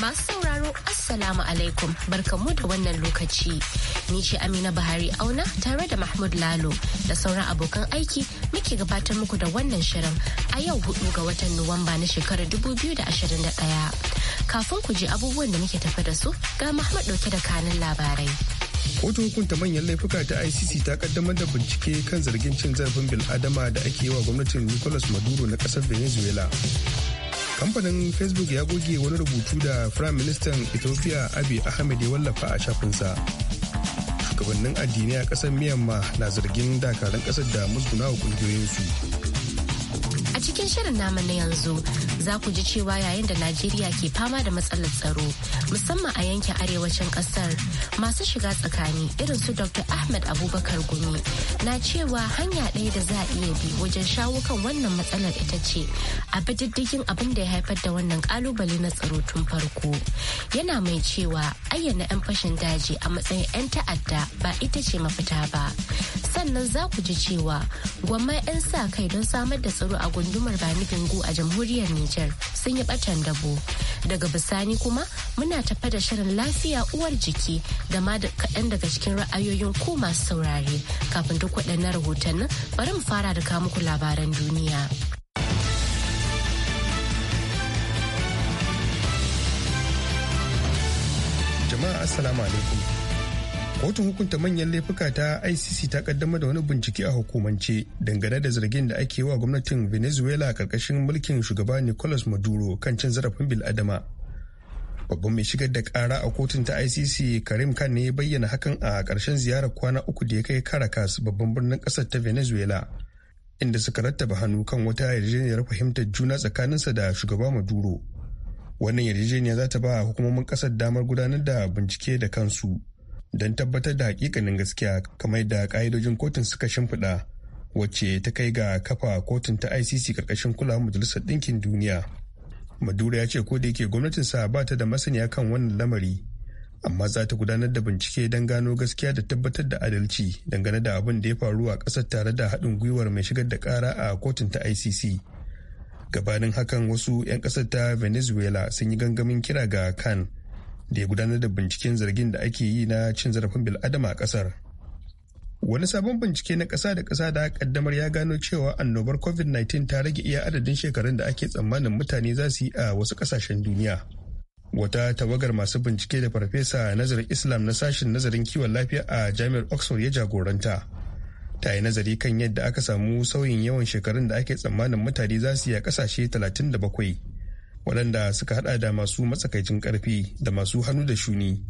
Masu sauraro Assalamu alaikum barkamu da wannan lokaci. Ni ce Amina Buhari Auna tare da Mahmud Lalo da sauran abokan aiki muke gabatar muku da wannan shirin a yau hudu ga watan Nuwamba na shekarar 2021. Kafin ku je abubuwan da muke tafi da su ga Mahmud dauke da kanin labarai. Kotun hukunta manyan laifuka ta ICC ta kaddamar da bincike kan zargin cin zarafin bil'adama da ake yi wa gwamnatin Nicolas Maduro na kasar Venezuela. kamfanin facebook ya goge wani rubutu da prime minister ethiopia abiy ahmed ya wallafa a shafinsa shugabannin addini a kasar myanmar na zargin dakarun kasar da musguna wa kungiyoyinsu a cikin shirin namu na yanzu za ku ji cewa yayin da Najeriya ke fama da matsalar tsaro musamman a yankin arewacin kasar masu shiga tsakani irin su Dr. Ahmed Abubakar Gumi na cewa hanya ɗaya da za a iya bi wajen shawo kan wannan matsalar ita ce a bi abin da ya haifar da wannan kalubale na tsaro tun farko. Yana mai cewa ayyana 'yan fashin daji a matsayin 'yan ta'adda ba ita ce mafita ba. Sannan za ku ji cewa gwamma 'yan sa kai don samar da tsaro a gundumar Bani Bingu a jamhuriyar Nijar. Nijar sun yi batan dabo. Daga bisani kuma muna tafa da shirin lafiya uwar jiki da ma kaɗan daga cikin ra'ayoyin ku masu saurare. Kafin duk waɗannan rahotannin bari mu fara da muku labaran duniya. Jama'a Assalamu alaikum. kotun hukunta manyan laifuka ta icc ta kaddama da wani bincike a hukumance dangane da zargin da ake wa gwamnatin venezuela karkashin mulkin shugaba nicolas maduro kan cin zarafin biladama babban mai shigar da kara a kotun ta icc karim khan ne bayyana hakan a karshen ziyarar kwana uku da ya kai caracas babban birnin kasar ta venezuela inda suka rattaba hannu kan wata yarjejeniyar fahimtar juna tsakaninsa da shugaba maduro wannan yarjejeniya za ta ba hukumomin kasar damar gudanar da bincike da kansu don tabbatar da hakikanin gaskiya kamar da ka'idojin kotun suka shimfiɗa wacce ta kai ga kafa kotun ta icc karkashin kulawa majalisar ɗinkin duniya madura ya ce ko da yake gwamnatinsa ba ta da masaniya kan wannan lamari amma za ta gudanar da bincike don gano gaskiya da tabbatar da adalci dangane da abin da ya faru a ƙasar tare da haɗin gwiwar mai shigar da ƙara a kotun ta icc gabanin hakan wasu 'yan ƙasar ta venezuela sun yi gangamin kira ga kan da ya gudanar da binciken zargin da ake yi na cin zarafin bil'adama a kasar wani sabon bincike na ƙasa da ƙasa da kaddamar ya gano cewa annobar covid-19 ta rage iya adadin shekarun da ake tsammanin mutane za su yi a wasu ƙasashen duniya wata tawagar masu bincike da farfesa nazarin islam na sashen nazarin kiwon lafiya a jami'ar oxford ya jagoranta ta yi nazari kan yadda aka samu sauyin yawan shekarun da ake tsammanin mutane za su yi a ƙasashe 37 waɗanda suka hada da masu matsakaicin ƙarfi da masu hannu da shuni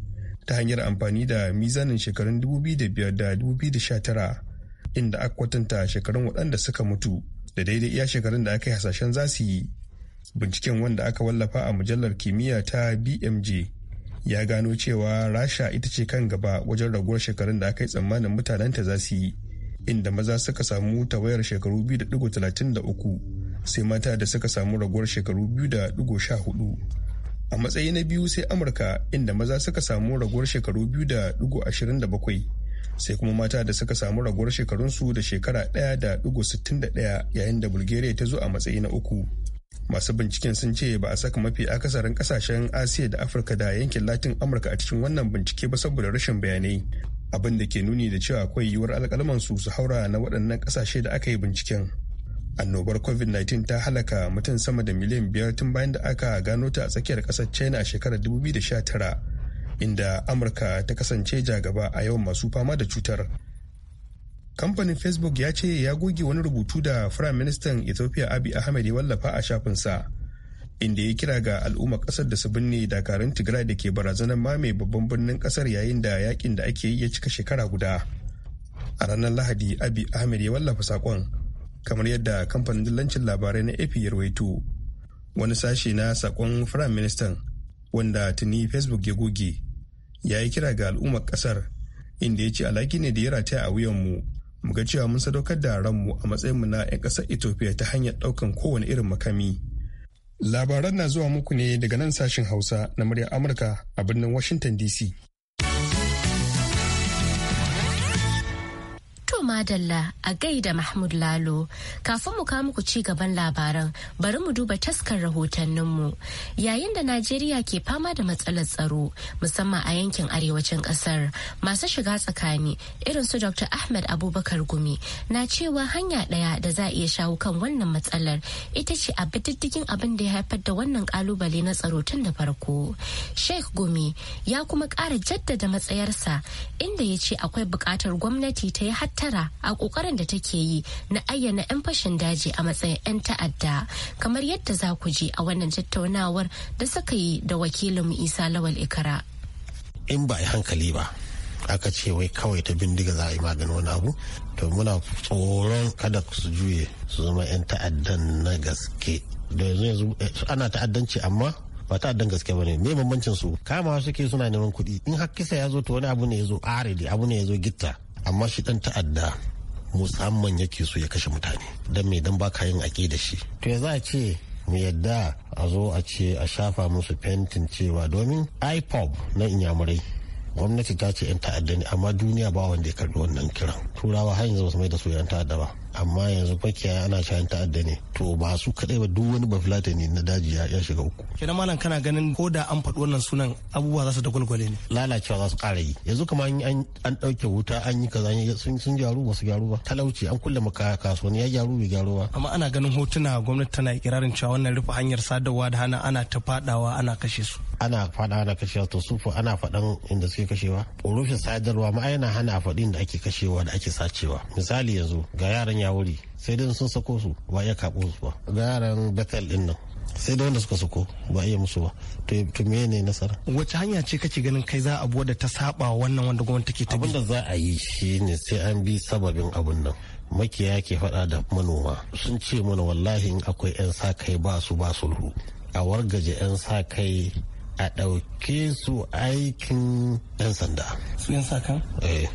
ta hanyar amfani da mizanin shekarun 2005 da 2019 inda aka kwatanta shekarun waɗanda suka mutu da daidai iya shekarun da aka yi hasashen za su yi binciken wanda aka wallafa a mujallar kimiyya ta bmj ya gano cewa rasha ita ce kan gaba wajen raguwar shekarun da aka yi tsammanin mutanenta za su yi inda maza suka samu tawayar shekaru 2.33 sai mata da suka samu raguwar shekaru 2.14 a matsayi na biyu sai amurka inda maza suka samu raguwar shekaru 2.27 sai kuma mata da suka samu raguwar shekarunsu da shekara 1.61 yayin da bulgaria ta zo a matsayi na uku masu binciken sun ce ba a saka mafi akasarin kasashen asiya da afirka da yankin latin amurka a cikin wannan bincike ba saboda rashin bayanai abin da ke nuni da cewa akwai yiwuwar alkalmansu su haura na waɗannan ƙasashe da aka yi binciken annobar covid-19 ta halaka mutum sama da miliyan biyar tun bayan da aka gano ta a tsakiyar ƙasar china a shekarar 2019 inda amurka ta kasance jagaba a yawan masu fama da cutar kamfanin facebook ya ce ya goge wani rubutu da Firaministan ethiopia abiy ahmed ya wallafa a shafinsa inda ya kira ga al'umma kasar da su binne dakarun tigray da ke barazanar mame babban birnin kasar yayin da yakin da ake yi ya cika shekara guda a ranar lahadi abi ahmed ya wallafa sakon kamar yadda kamfanin dillancin labarai na ap ya wani sashe na sakon firayim ministan wanda tuni facebook ya goge ya yi kira ga al'ummar kasar inda ya ce alaki ne da ya rataya a wuyan mu ga cewa mun sadaukar da ranmu a matsayin mu na 'yan ƙasar ethiopia ta hanyar ɗaukan kowane irin makami Labaran na zuwa muku ne daga nan sashin Hausa na murya Amurka a birnin Washington DC. To Madalla a gaida Mahmud Lalo, kafin mu kawo muku ci gaban labaran bari mu duba taskar rahotanninmu. Yayin da Najeriya ke fama da matsalar tsaro musamman a yankin arewacin kasar masu shiga tsakani irin su Dr. Ahmed Abubakar Gumi na cewa hanya ɗaya da za a iya shawo kan wannan matsalar ita ce a bididdigin abin da ya haifar da wannan kalubale na tsaro tun da farko. Sheikh Gumi ya kuma ƙara jaddada matsayarsa inda ya ce akwai buƙatar gwamnati ta yi hatta nasara a kokarin da take yi na ayyana 'yan fashin daji a matsayin 'yan ta'adda kamar yadda za ku ji a wannan tattaunawar da suka yi da wakilin isa lawal ikara in ba a hankali ba aka ce wai kawai ta bindiga za a yi maganin wani abu to muna tsoron kada su juye su zama 'yan ta'addan na gaske da yanzu eh, ana ta'addanci amma ba ta'addan gaske ba ne me bambancin su kama suke suna neman kuɗi in hakisa ya zo to wani abu ne ya zo aridi abu ne ya zo gitta amma shi dan ta'adda musamman yake so ya kashe mutane don me dan baka yin ake da shi to ya za a ce mu yadda a zo a ce a shafa musu fentin cewa domin ipob na inyamurai gwamnati ta ce 'yan ta'adda ne amma duniya ba wanda ya karbi wannan kiran turawa har yanzu ba su mai da su 'yan ta'adda ba amma yanzu fakiya ana shayin ta'adda ne to ba su kadai ba duk wani bafulata ne na daji ya shiga uku kenan malam kana ganin ko da an faɗi wannan sunan abubuwa za su da ne lalacewa za su ƙara yi yanzu kamar an ɗauke wuta an yi kaza sun gyaru ba su gyaru ba talauci an kulle maka kasuwanni ya gyaru bai gyaru ba amma ana ganin hotuna gwamnati tana ikirarin cewa wannan rufe hanyar sadarwa da hana ana ta fadawa ana kashe su ana faɗa ana kashewa to su ana faɗan inda suke kashewa rufe sadarwa ma yana hana faɗin da ake kashewa da ake sacewa misali yanzu ga yaran ya wuri sai dai sun sako su ba iya kaɓo su ba ga yaran bethel din nan sai dai wanda suka sako ba iya musu ba to me ne nasara wace hanya ce kake ganin kai za a buwa da ta saba wannan wanda gwamnati take ta abinda za a yi shi ne sai an bi sababin abun nan makiya ke faɗa da manoma sun ce mana wallahi akwai 'yan sa kai ba su ba sulhu a wargaje 'yan sa kai a ɗauke su aikin 'yan sanda su 'yan sa kan eh.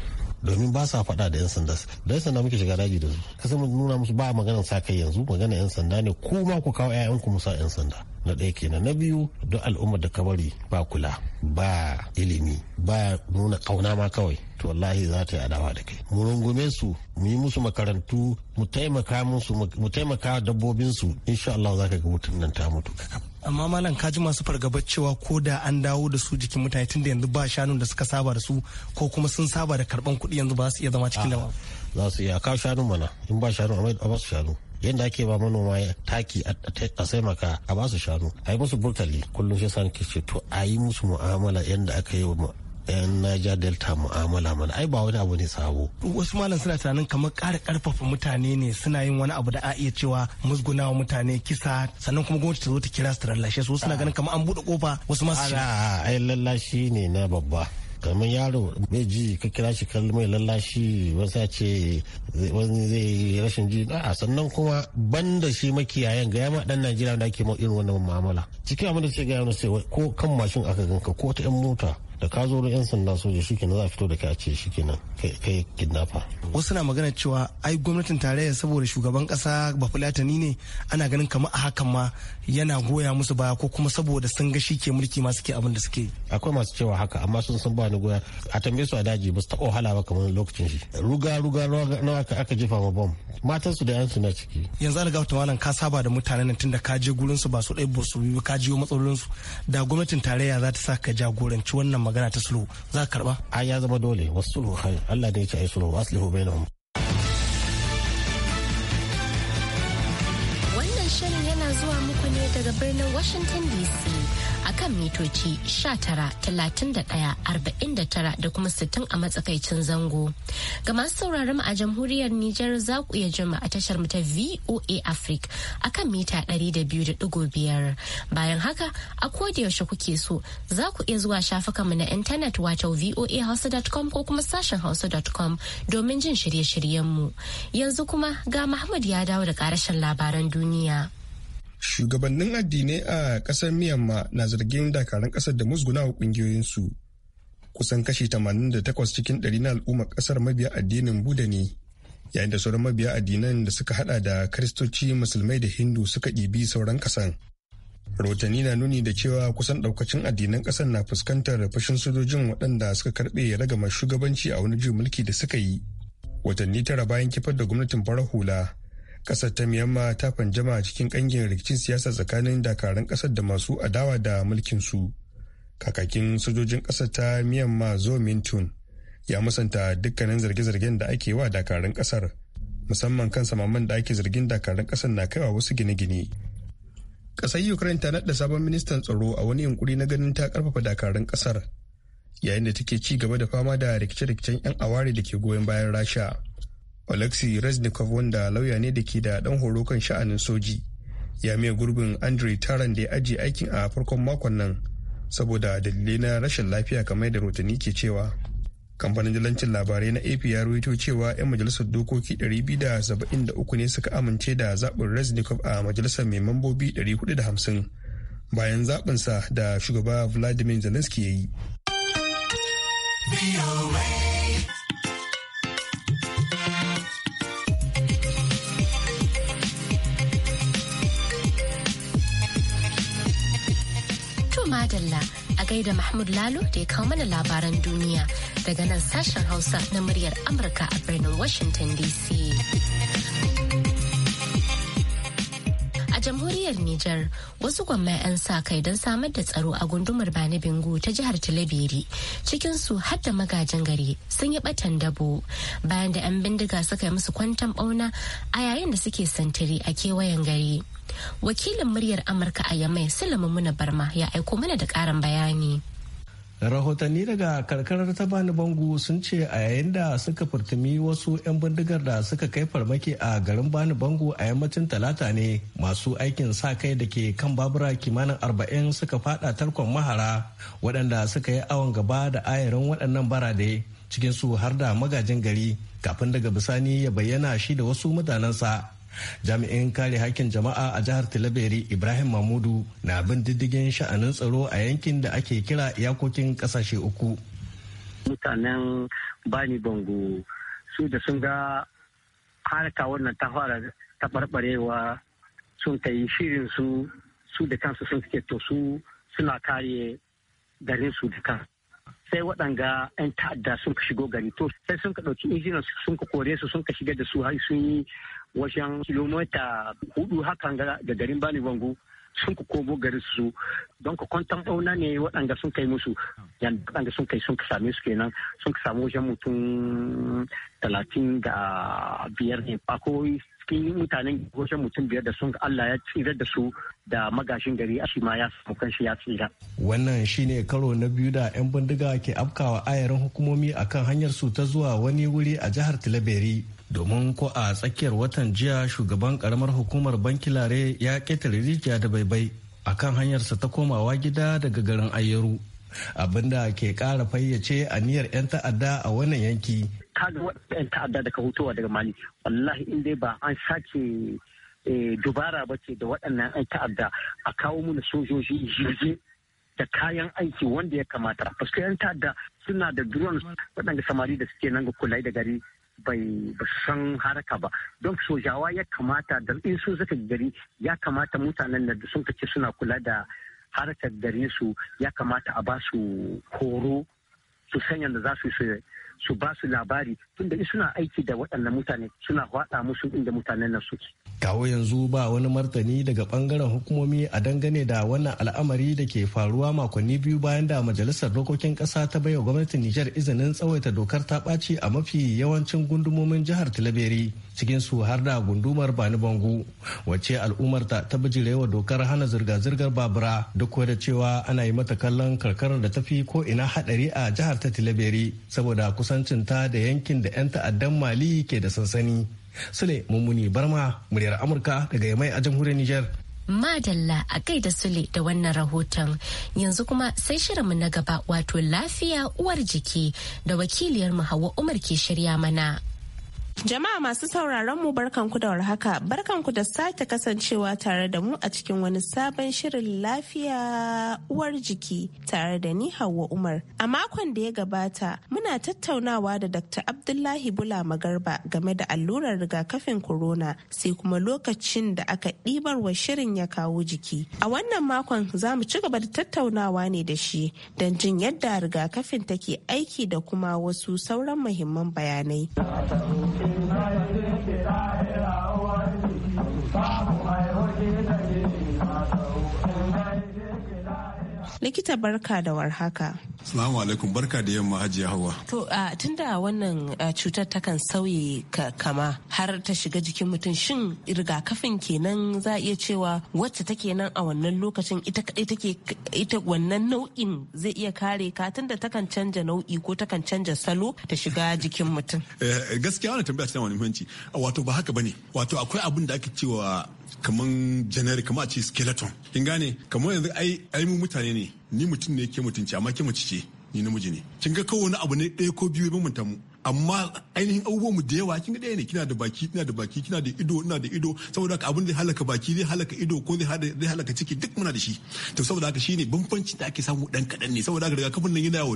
domin ba sa faɗa da 'yan sanda da 'yan sanda muke shiga daji da su kasan nuna musu ba maganan sa kai yanzu maganan 'yan sanda ne ko ma ku kawo 'ya'yanku musa 'yan sanda na ɗaya kenan na biyu don al'ummar da ka bari ba kula ba ilimi ba nuna ƙauna ma kawai to wallahi za ta yi adawa da kai mu rungume su mu yi musu makarantu mu taimaka musu mu taimaka dabbobin su insha Allah za ka ga mutum nan ta mutu kaka amma malam ka ji masu fargabar cewa ko da an dawo da su jikin mutane tunda yanzu ba shanun da suka saba da su ko kuma sun saba da karban kuɗi yanzu ba su iya zama cikin da za su iya kawo shanu mana in ba shanu a ba su shanu yadda ake ba manoma taki a sai maka a ba su shanu a yi musu burtali kullum shi san ce to a yi musu mu'amala yadda aka yi wa yan naja delta mu'amala mana ai ba wani abu ne sabo wasu malam suna tunanin kamar ƙara karfafa mutane ne suna yin wani abu da a iya cewa musgunawa mutane kisa sannan kuma gwamnati ta zo ta kira su ta lallashe su suna ganin kamar an buɗe kofa wasu masu shi ai lallashi ne na babba kamar yaro bai ji ka kira shi kalli mai lallashi wasu ce wani zai rashin ji a sannan kuma banda shi makiyayan ga yama dan najeriya da ake irin wannan mu'amala cikin abin da ce ga yaro sai ko kan mashin aka ganka ko ta yan mota da ka zo yan sanda soja shikenan za a fito da kai a ke nan kai kidnapper wasu na magana cewa ai gwamnatin tarayya saboda shugaban kasa ba fulatani ne ana ganin kamar a hakan ma yana goya musu baya ko kuma saboda sun ga shi ke mulki ma suke abin da suke akwai masu cewa haka amma sun san ba ni goya a tambaye su a daji ba su taɓa wahala ba kamar lokacin shi ruga ruga nawa aka jefa ma bom matan su da yan su na ciki yanzu an gafta wannan ka saba da mutanen nan tunda ka je gurin su ba su ɗaya ba su biyu ka jiyo matsalolin su da gwamnatin tarayya za ta sa ka jagoranci wannan magana ta sulhu za ka karba a ya zama dole wasu sulhu hai Allah da yake ai sulhu aslihu bainahum wannan shirin yana zuwa muku ne daga birnin Washington DC a kan mitoci talatin da kuma 60 a matsakaicin zango. Ga masu sauraron a jamhuriyar Nijar za ku iya jima a tashar ta VOA Africa a kan mita 200.5. Bayan haka a yaushe kuke so za ku iya zuwa shafukanmu na intanet wato voahouse.com ko kuma sashen hausa.com domin jin shirye-shiryenmu. Yanzu kuma ga Mahmud ya dawo da ƙarashin labaran duniya. shugabannin addinai a kasar miyamma na zargin dakarun kasar da musgunawa su kusan kashi 88 cikin ɗari na al'ummar kasar mabiya addinin buda ne yayin da sauran mabiya addinan da suka hada da kristoci musulmai da hindu suka ɗibi sauran kasan rahotanni na nuni da cewa kusan ɗaukacin addinan ƙasar na fuskantar fashin sojojin waɗanda suka karɓe ragamar shugabanci a wani ji mulki da suka yi watanni tara bayan kifar da gwamnatin farar hula kasar ta miyamma ta fanjama cikin kangin rikicin siyasa tsakanin dakarun kasar da masu adawa da mulkin su kakakin sojojin kasar ta miyamma zo mintun ya musanta dukkanin zarge-zargen da ake wa dakarun kasar musamman kan samaman da ake zargin dakarun kasar na kaiwa wasu gine-gine kasar ukraine ta naɗa sabon ministan tsaro a wani yunkuri na ganin ta karfafa dakarun kasar yayin da take ci gaba da fama da rikice-rikicen 'yan aware da ke goyon bayan rasha Alexei Reznikov wanda lauya ne da ke da ɗan horo kan sha'anin soji ya mai gurbin Andre Taran da ya ajiye aikin a farkon makon nan saboda dalilai na rashin lafiya kamar da rotani ke cewa. Kamfanin jalancin labarai na AP ya rawaito cewa 'yan majalisar dokoki 273 ne suka amince da zaɓin Reznikov a majalisar mai mambobi 450 bayan zaɓinsa da shugaba Vladimir Zelensky ya yi. To Madalla a gaida Mahmud Lalo da ya kawo mana labaran duniya daga nan sashen Hausa na muryar Amurka a birnin Washington DC. jamhuriyar Nijar wasu gwamma 'yan sa kai don samar da tsaro a gundumar Bani Bingu ta jihar Talabiri cikin su har da magajin gari sun yi batan dabo bayan da 'yan bindiga suka yi musu kwantan bauna a yayin da suke santiri a kewayen gari. Wakilin muryar Amurka a Yamai Sulaiman Muna Barma ya aiko mana da ƙarin bayani. rahotanni daga karkarar ta bani bangu sun ce a yayin da suka furtumi wasu 'yan bindigar da suka kai farmaki a garin bani bangu a yammacin talata ne masu aikin sa kai da ke kan babura kimanin arba'in suka fada tarkon mahara waɗanda suka yi awon gaba da ayarin waɗannan barade cikinsu har da magajin gari kafin daga bisani ya bayyana shi da wasu mutanensa jami'in kare hakkin jama'a a jihar talabari ibrahim mahmudu na bin diddigin sha'anin tsaro a yankin da ake kira iyakokin kasashe uku mutanen bani bango su da sun ga harka wannan ta fara taɓarɓarewa sun yi shirin su su da kansu sun suke to su suna kare garin su da kan sai waɗanga 'yan ta'adda sun ka shigo gari to sai sun ka ɗauki injinan sun ka kore su sun ka shiga da su har sun yi wajen kilomita hudu hakan ga garin bani wangu sun ku komo garin su don ku kwantan bauna ne waɗanda sun kai musu waɗanda sun kai sun same su kenan sun samu wajen mutum talatin da biyar ne ko cikin mutanen wajen mutum biyar da sun Allah ya tsira da su da magashin gari a ma ya samu kanshi ya tsira. Wannan shine karo na biyu da 'yan bindiga ke afkawa ayarin hukumomi akan hanyar su ta zuwa wani wuri a jihar Tilaberi. domin ko a tsakiyar watan jiya shugaban karamar hukumar banki lare ya ketare rijiya da baibai a kan hanyarsa ta komawa gida daga garin ayyaru abinda ke kara fayyace a niyyar 'yan ta'adda a wannan yanki kaga waɗanda ta'adda daga hutowa daga mali wallahi in dai ba an sake eh, dubara ba ce da waɗannan 'yan ta'adda a kawo mana sojoji jirgin da kayan aiki wanda ya kamata. Paske 'yan ta'adda suna da drones waɗanda samari da suke nan ga kula da gari bai san haraka ba don sojawa ya kamata da in sun zaka gari ya kamata mutanen da sun kace suna kula da harkar gare su ya kamata a ba su horo su sanya da za su yi su ba su labari tunda suna aiki da waɗannan mutane suna hwada musu inda mutanen nan suke. Kawo yanzu ba wani martani daga bangaren hukumomi a dangane da wannan al'amari da ke faruwa makonni biyu bayan da majalisar dokokin ƙasa ta baiwa gwamnatin Nijar izinin tsawaita dokar ta ɓaci a mafi yawancin gundumomin jihar Tilaberi cikin su har da gundumar Bani Bangu wacce al'ummar ta ta bijirewa dokar hana zirga-zirgar babura duk da cewa ana yi mata kallon karkarar da ta fi ko ina hadari a jihar ta Tilaberi saboda kusancinta da yankin da 'yan ta'addan mali ke da sansani sule mummuni barma muryar amurka daga yamai a jamhuriyar niger madalla a kai da sule da wannan rahoton yanzu kuma sai shirinmu na gaba wato lafiya uwar jiki da wakiliyar mu hawa umar ke shirya mana Jama'a masu sauraron mu barkanku da warhaka, barkanku da sake kasancewa tare da mu a cikin wani sabon shirin lafiya uwar jiki tare da ni Hauwa Umar. A makon da ya gabata muna tattaunawa da Dr. Abdullahi Bula Magarba game da allurar rigakafin corona sai kuma lokacin da aka ɗibar wa shirin ya kawo jiki. A wannan makon za mu ci gaba da tattaunawa ne da shi don jin yadda rigakafin take aiki da kuma wasu sauran muhimman bayanai. United States. likita barka da warhaka Salamu alaikum barka da yamma hajiya hawa. To a tunda wannan cutar takan sauye kama har ta shiga jikin mutum shin rigakafin kenan za a iya cewa wacce take nan a wannan lokacin ita kadai take ita wannan nau'in zai iya kare ka tunda takan canja nau'i ko takan canja salo ta shiga jikin mutum. Eh, gaskiya wannan tambaya tana wani muhimmanci wato ba haka bane wato akwai abin da ake cewa kaman generic kamar a ce skeleton kin gane kamar yanzu ai ai mu mutane ne ni mutum ne ke mutunci amma ke mace ce ni namiji ne kin ga kowane abu ne ɗaya ko biyu ya bambanta mu amma ainihin abubuwan mu da yawa kin ɗaya ne kina da baki kina da baki kina da ido ina da ido saboda haka abin da zai halaka baki zai halaka ido ko zai halaka ciki duk muna da shi to saboda haka shine bambanci da ake samu dan kadan ne saboda haka rigakafin nan yana yawo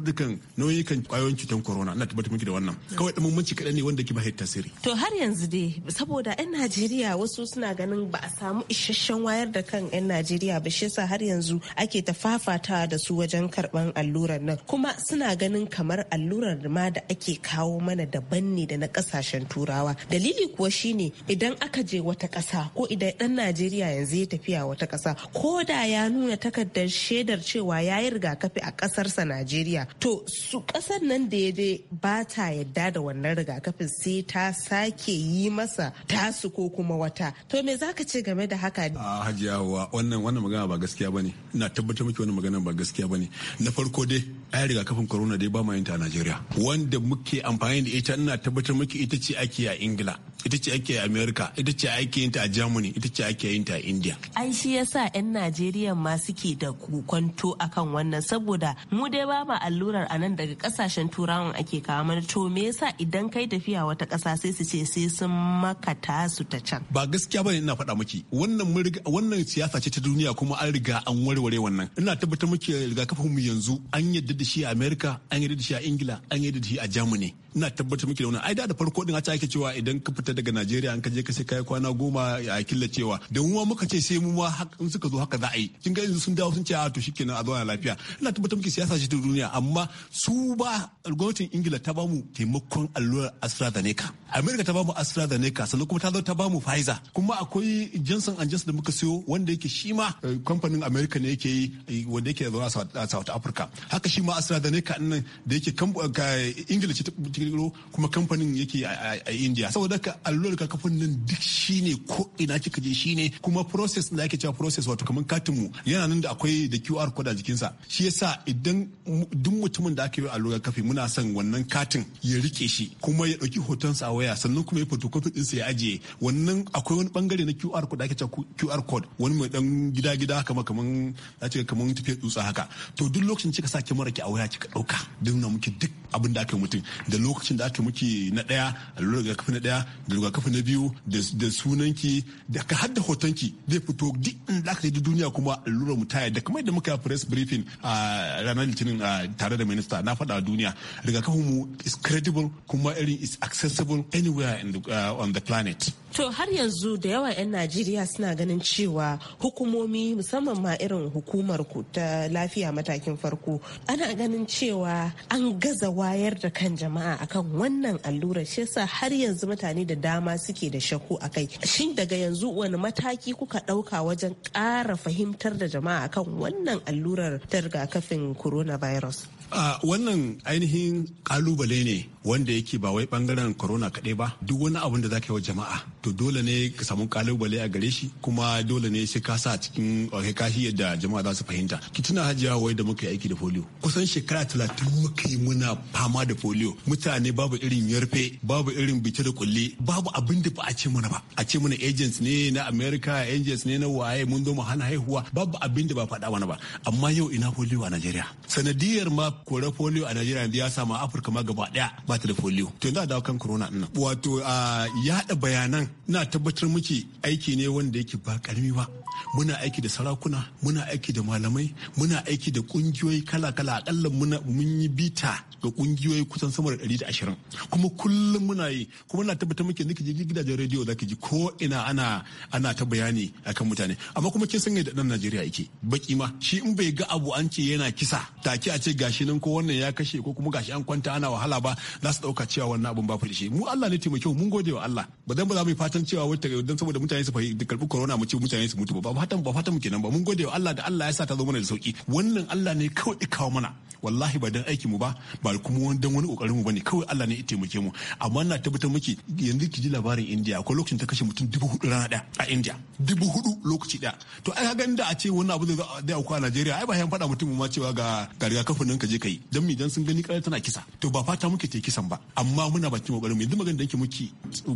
duk nauyi kan kwayoyin cutar corona ina tabbatar miki da wannan kawai dan bambanci kadan ne wanda ke ba tasiri to har yanzu dai saboda yan Najeriya wasu suna ganin ba a samu isasshen wayar da kan yan Najeriya ba shi yasa har yanzu ake ta da su wajen karban allurar nan kuma suna ganin kamar allurar ma da ake kawo mana daban ne da na kasashen turawa dalili kuwa shine idan aka je wata ƙasa ko idan ɗan najeriya yanzu ya tafiya wata ƙasa ko da ya nuna takardar shaidar cewa ya yi rigakafi a ƙasarsa najeriya to su ƙasar nan da ya je ba ta yadda da wannan rigakafin sai ta sake yi masa tasu ko kuma wata to me zaka ce game da haka a hajiya wannan wannan magana ba gaskiya bane na tabbatar miki wannan magana ba gaskiya bane na farko dai ai rigakafin corona dai ba ma ta a Najeriya wanda muke amfani da ita ina tabbatar muke ita ce ake a Ingila ita ce ake america ita ce ake yin a germany ita ce ake yin a india ai shi yasa yan najeriya ma suke da kwanto akan wannan saboda mu dai ba ma allurar anan daga kasashen turawan ake kawo mana to me yasa idan kai tafiya wata kasa sai su ce sai sun maka su ta can ba gaskiya bane ina faɗa miki wannan wannan siyasa ce ta duniya kuma an riga an warware wannan ina tabbatar miki rigakafin mu yanzu an yadda da shi a america an yadda da shi a ingila an yadda da shi a germany ina tabbatar miki da wannan ai da da farko din a ta yake cewa idan ka fita daga Najeriya an ka je ka sai kai kwana goma a cewa da mu muka ce sai mu ma in suka zo haka za a yi kin ga yanzu sun dawo sun ce a ah, to shikenan a zauna lafiya ina tabbatar miki siyasa ce ta duniya amma su ba gwamnatin Ingila ta ba mu. taimakon allurar AstraZeneca America ta ba mu AstraZeneca sannan kuma ta zo ta ba mu Pfizer kuma akwai Johnson Johnson da muka siyo wanda yake shi ma eh, kamfanin America ne yake yi wanda yake zo a South Africa haka shi ma AstraZeneca nan da yake eh, Ingila ce kirkiro kuma kamfanin yake a india saboda ka allurar kakafin nan duk shine ko ina kika je shine kuma process da ake cewa process wato kamar katin mu yana nan da akwai da qr code a jikinsa shi yasa idan duk mutumin da aka yi allurar kafi muna son wannan katin ya rike shi kuma ya dauki hotonsa a waya sannan kuma ya photocopy ɗinsa ya ajiye wannan akwai wani bangare na qr code ake cewa qr code wani mai dan gida gida kama kaman a ce kaman tafiya tsutsa haka to duk lokacin kika sa kyamara ki a waya kika dauka don na muke duk abin da aka mutum da lokacin da aka muke na daya allurar rigakafi na daya da rigakafi na biyu da sunanki da ka hada hotonki zai fito duk da aka yi duniya kuma allurar mu ta yadda kamar yadda muka press briefing a ranar litinin tare da minista na faɗa duniya rigakafin mu is credible kuma irin is accessible anywhere in the, uh, on the planet To har yanzu da yawa 'yan Najeriya suna ganin cewa hukumomi musamman ma irin hukumar ku ta lafiya matakin farko ana ganin cewa an gazawa wayar da kan jama'a akan wannan allurar shi yasa har yanzu mutane da dama suke da shakku kai shin daga yanzu wani mataki kuka ɗauka wajen ƙara fahimtar da jama'a akan wannan allurar ta rigakafin coronavirus a wannan ainihin kalubale ne wanda yake ba wai bangaren corona kaɗai ba duk wani abin da zaka yi wa jama'a to dole ne ka samu kalubale a gare shi kuma dole ne sai ka sa a cikin kai kashi yadda jama'a za su fahimta ki tuna hajiya wai da muka yi aiki da polio kusan shekara talatin muka yi muna fama da polio mutane babu irin yarfe babu irin bice da kulle babu abin da ba a ce mana ba a ce mana agents ne na america agents ne na waye mun zo mu hana haihuwa babu abin da ba faɗa mana ba amma yau ina polio a nigeria sanadiyar ma kore polio a najeriya ya sama afirka ma gaba ɗaya ba bata da polio to yanzu a dawo kan corona ɗin wato a yada bayanan na tabbatar muke aiki ne wanda yake ba karami ba muna aiki da sarakuna muna aiki da malamai muna aiki da kungiyoyi kala-kala akalla mun yi bita ga ƙungiyoyi kusan sama da 120 kuma kullum muna yi kuma na tabbatar muke nake jirgin gidajen rediyo zaki ji ko ina ana ana ta bayani akan mutane amma kuma kin san yadda dan Najeriya yake baki ma shi in bai ga abu an ce yana kisa take a ce gashi nan ko wannan ya kashe ko kuma gashi an kwanta ana wahala ba za su dauka cewa wannan abun ba fa mu Allah ne taimake mun gode wa Allah ba dan ba za mu yi fatan cewa wata dan saboda mutane su fahimci karbi corona mu ce mutane su mutu ba ba fatan ba fatan mu kenan ba mun gode wa Allah da Allah ya sa ta zo mana da sauki wannan Allah ne kawai kawo mana wallahi ba dan aiki mu ba ba kuma wani dan wani kokarin mu bane kawai Allah ne ya taimake mu amma ina tabbatar miki yanzu ki ji labarin India akwai lokacin ta kashe mutum dubu hudu rana daya a India dubu hudu lokaci daya to ai ga da a ce wannan abu zai auku a Najeriya ai ba yan faɗa mutum ma cewa ga ga rigakafin nan ka je kai dan mi dan sun gani kare tana kisa to ba fata muke kisan ba amma muna bakin kokarin yanzu magana da yake muke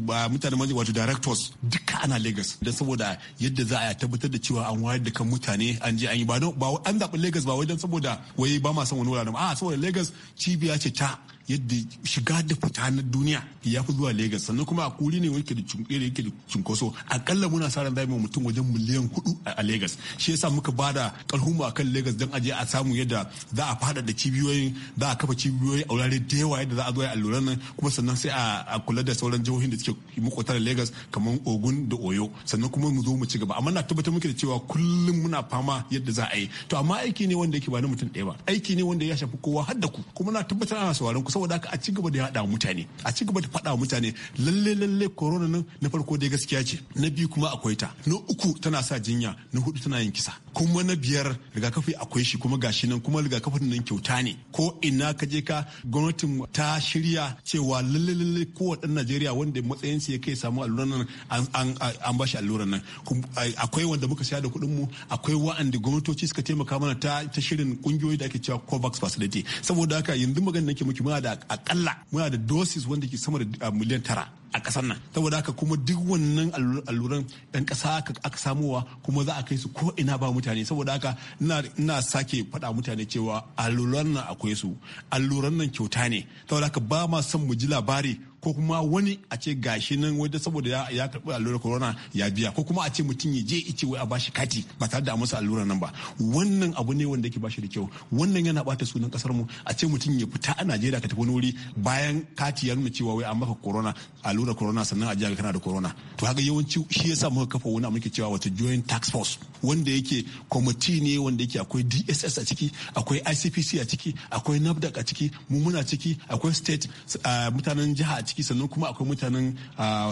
ba mutane maji wato directors duka ana Lagos dan saboda yadda za a tabbatar da cewa an wayar da kan mutane an je an yi ba an zaɓi Lagos ba wai dan saboda wai ba ma son wani wuraren a saboda Lagos cibiya ce ta yadda shiga da fita na duniya ya fi zuwa Legas sannan kuma a kuri ne yake da yake da cunkoso akalla muna sa ran zamu mutum wajen miliyan hudu a Legas shi yasa muka bada karfin mu akan Legas dan aje a samu yadda za a fada da cibiyoyin za a kafa cibiyoyi a wurare da yawa yadda za a zo a lura nan kuma sannan sai a kula da sauran jihohin da suke makwata da Legas kamar Ogun da Oyo sannan kuma mu zo mu ci gaba amma na tabbatar muke da cewa kullum muna fama yadda za a yi to amma aiki ne wanda yake ba na mutum ɗaya ba aiki ne wanda ya shafi kowa har da ku kuma na tabbatar ana sauraron ku saboda haka a ci gaba da yaɗa mutane a ci gaba da faɗa mutane lalle lalle corona nan na farko dai gaskiya ce na biyu kuma akwai ta na uku tana sa jinya na hudu tana yin kisa kuma na biyar rigakafi akwai shi kuma gashi nan kuma rigakafin nan kyauta ne ko ina ka je ka gwamnatin ta shirya cewa lalle lalle kowa dan Najeriya wanda matsayin ya kai samu alluran nan an bashi alluran nan akwai wanda muka saya da kuɗin mu akwai wa'anda gwamnatoci suka taimaka mana ta ta shirin kungiyoyi da ake cewa Covax facility saboda haka yanzu magana nake muke muna da akalla muna da doses wanda ke sama da ah, miliyan tara a ƙasar nan saboda haka kuma duk wannan alluran ɗan ƙasa aka samuwa kuma za a kai su ko ina ba mutane saboda haka ina sake faɗa mutane cewa alluran nan akwai su alluran nan kyauta ne saboda haka ba ma son mu ji labari ko kuma wani a ce gashi nan wanda saboda ya karɓi allurar corona ya biya ko kuma a ce mutum ya je ice wai a bashi kati ba tare da masa allurar nan ba wannan abu ne wanda yake bashi da kyau wannan yana bata sunan kasar mu a ce mutum ya fita a Najeriya ka tafi wani wuri bayan kati ya nuna cewa wai an maka corona allurar corona sannan a jiya kana da corona to haka yawanci shi yasa muka kafa wani abu muke cewa wata joint tax force wanda yake kwamiti ne wanda yake akwai DSS a ciki akwai ICPC a ciki akwai NAFDAC a ciki mu muna ciki akwai state ah, mutanen jiha a ciki sannan kuma akwai mutanen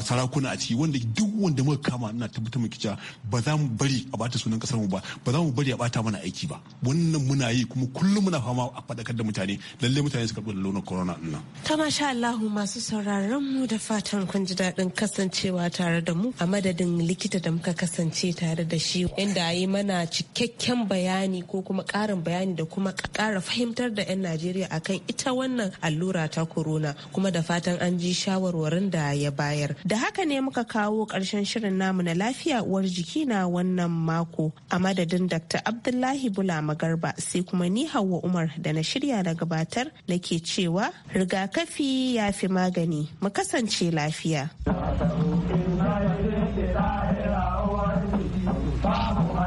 sarakuna a ciki wanda duk wanda muka kama ina tabbatar muke cewa ba za mu bari a bata sunan kasar mu ba ba za mu bari a bata mana aiki ba wannan muna yi kuma kullum muna fama a faɗakar da mutane lalle mutane su karɓi lalunar corona ɗin ta masha Allahu masu sauraron mu da fatan kun ji daɗin kasancewa tare da mu a madadin likita da muka kasance tare da shi inda yi mana cikakken bayani ko kuma ƙarin bayani da kuma ƙara fahimtar da 'yan Najeriya akan ita wannan allura ta corona kuma da fatan an ji ji shawarwarin da ya bayar. Da haka ne muka kawo ƙarshen shirin namu na lafiya uwar jiki na wannan mako a madadin Dr. Abdullahi Bula Magarba sai kuma ni Hauwa Umar da na shirya na gabatar nake cewa rigakafi ya fi magani mu kasance lafiya.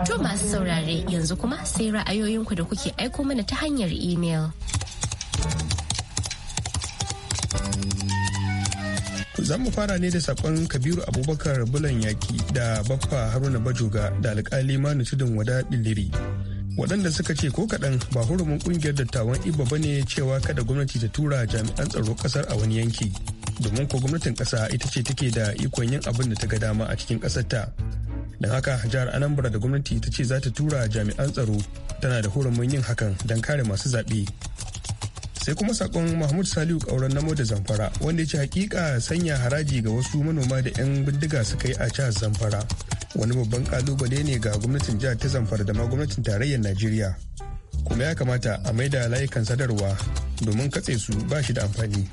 To masu saurare yanzu kuma sai ra'ayoyinku da kuke aiko mana ta hanyar imel. za mu fara ne da sakon kabiru abubakar bulan yaki da baffa haruna bajoga da alkali manu tudun wada biliri waɗanda suka ce ko kaɗan ba hurumin ƙungiyar dattawan iba ba ne cewa kada gwamnati ta tura jami'an tsaro ƙasar a wani yanki domin ko gwamnatin ƙasa ita ce take da ikon yin abin da ta ga dama a cikin ƙasar ta don haka jihar anambra da gwamnati ta ce za ta tura jami'an tsaro tana da hurumin yin hakan don kare masu zaɓe sai kuma sakon mahmud saliu kauran namo da zamfara wanda ya ce hakika sanya haraji ga wasu manoma da 'yan bindiga suka yi a jihar zamfara wani babban kalubale ne ga gwamnatin jihar ta zamfara da ma gwamnatin tarayyar najeriya kuma ya kamata a maida layukan sadarwa domin katse su ba shi da amfani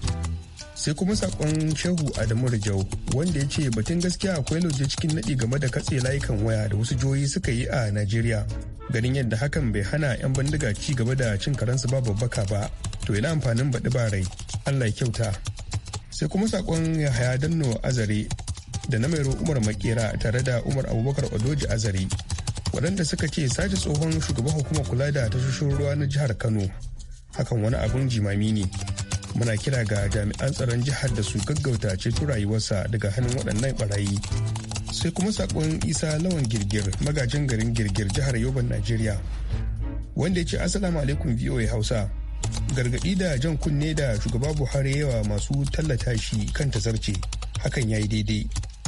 sai kuma sakon shehu adamu rijau wanda ya ce batun gaskiya akwai lauje cikin naɗi game da katse layukan waya da wasu jihohi suka yi a najeriya ganin yadda hakan bai hana 'yan bindiga ci gaba da cin karansu babu babbaka ba to ina amfanin baɗi ba rai allah ya kyauta sai kuma sakon yahaya danno azare da na mairo umar makera tare da umar abubakar odoji azare waɗanda suka ce sace tsohon shugaban hukumar kula da tashoshin ruwa na jihar kano hakan wani abun jimami ne muna kira ga jami'an tsaron jihar da su gaggauta ceto rayuwarsa daga hannun waɗannan barayi sai kuma saƙon isa lawan girgir magajin garin girgir jihar yoban najeriya wanda ya ce assalamu alaikum voa hausa gargaɗi da jan kunne da shugaba buhari yawa masu tallata shi kan tasarce hakan ya yi daidai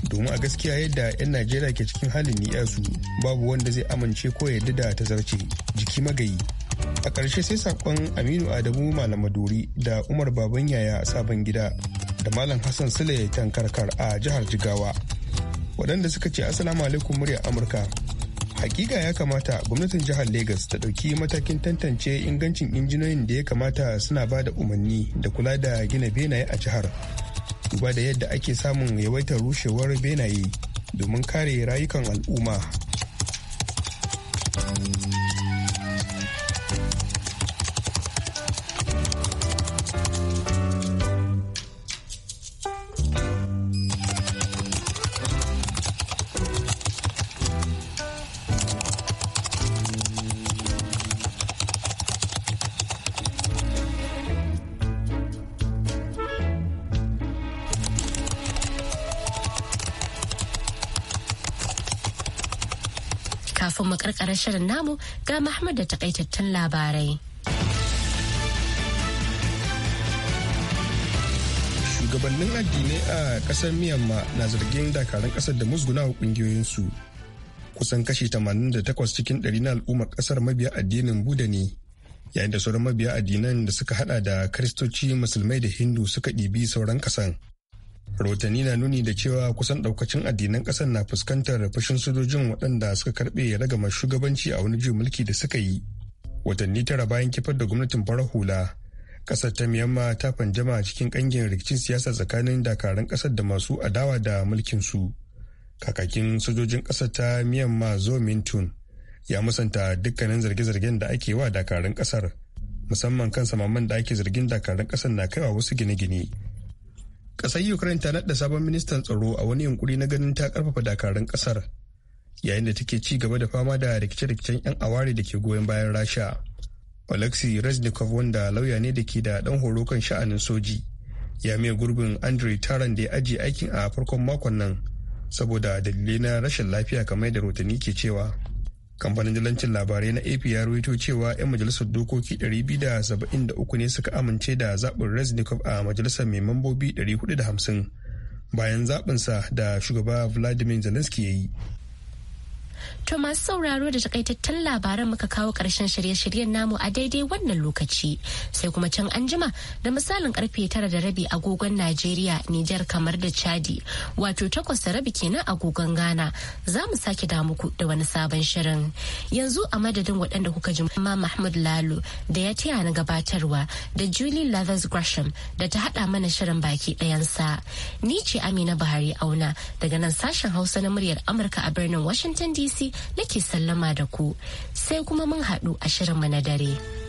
domin a gaskiya yadda 'yan najeriya ke cikin halin ni'yasu babu wanda zai amince ko yarda da tazarce jiki magayi a ƙarshe sai saƙon aminu adamu malamaduri da umar baban yaya sabon gida da malam hassan sule tankarkar a jihar jigawa waɗanda suka ce assalamu alaikum murya amurka hakika ya kamata gwamnatin jihar lagos ta ɗauki matakin tantance ingancin injiniyoyin da ya kamata suna ba da umarni da kula da gina benaye a jihar duba da yadda ake samun yawaitar rushewar benaye domin kare rayukan al'umma. shirin namu ga Muhammad da takaitattun labarai. Shugabannin addinai a ƙasar miyamma na zargin dakarun ƙasar da musguna wa ƙungiyoyinsu. Kusan kashi 88 cikin ɗari na al'ummar ƙasar mabiya addinin Buda ne, yayin da sauran mabiya addinan da suka hada da Kiristoci, Musulmai da Hindu suka ɗibi sauran ƙasan. rahotanni na nuni da cewa kusan daukacin addinan kasar na fuskantar fushin sojojin waɗanda suka karɓe ragama shugabanci a wani juyin mulki da suka yi watanni tara bayan kifar da gwamnatin farar hula kasar ta miyamma ta fanjama cikin kangin rikicin siyasa tsakanin dakarun kasar da masu adawa da mulkin su kakakin sojojin kasar ta miyamma zo mintun ya musanta dukkanin zarge-zargen da ake wa dakarun kasar musamman kan samaman da ake zargin dakarun kasar na kaiwa wasu gine-gine Ƙasar Ukraine ta naɗa sabon ministan tsaro a wani yunkuri na ganin ta karfafa dakarun ƙasar yayin da take ci gaba da fama da rikice-rikicen 'yan aware da ke goyon bayan Rasha. Alexei Reznikov wanda lauya ne da ke da ɗan horo kan sha'anin soji ya mai gurbin Andrei taron da ya ajiye aikin a farkon makon nan saboda dalilai na rashin lafiya kamar da rotani ke cewa. kamfanin dalancin labarai na ap ya rawaito cewa 'yan majalisar dokoki 273 ne suka amince da zaɓin reznikov a majalisar mai mambobi 450 bayan zaɓinsa da shugaba vladimir zelensky ya yi To masu sauraro da takaitattun labaran muka kawo ƙarshen shirye-shiryen namu a daidai wannan lokaci. Sai kuma can anjima da misalin karfe tara da rabi agogon Najeriya, Nijar kamar da Chadi, wato takwas da rabi kenan agogon Ghana. Za mu sake da muku da wani sabon shirin. Yanzu a madadin waɗanda kuka ji ma Mahmud Lalo da ya taya na gabatarwa da Julie Lathers Gresham da ta haɗa mana shirin baki ɗayansa. Ni ce Amina Buhari Auna daga nan sashen Hausa na muryar Amurka a birnin Washington DC. nake sallama da ku sai kuma mun haɗu a shirinmu na dare.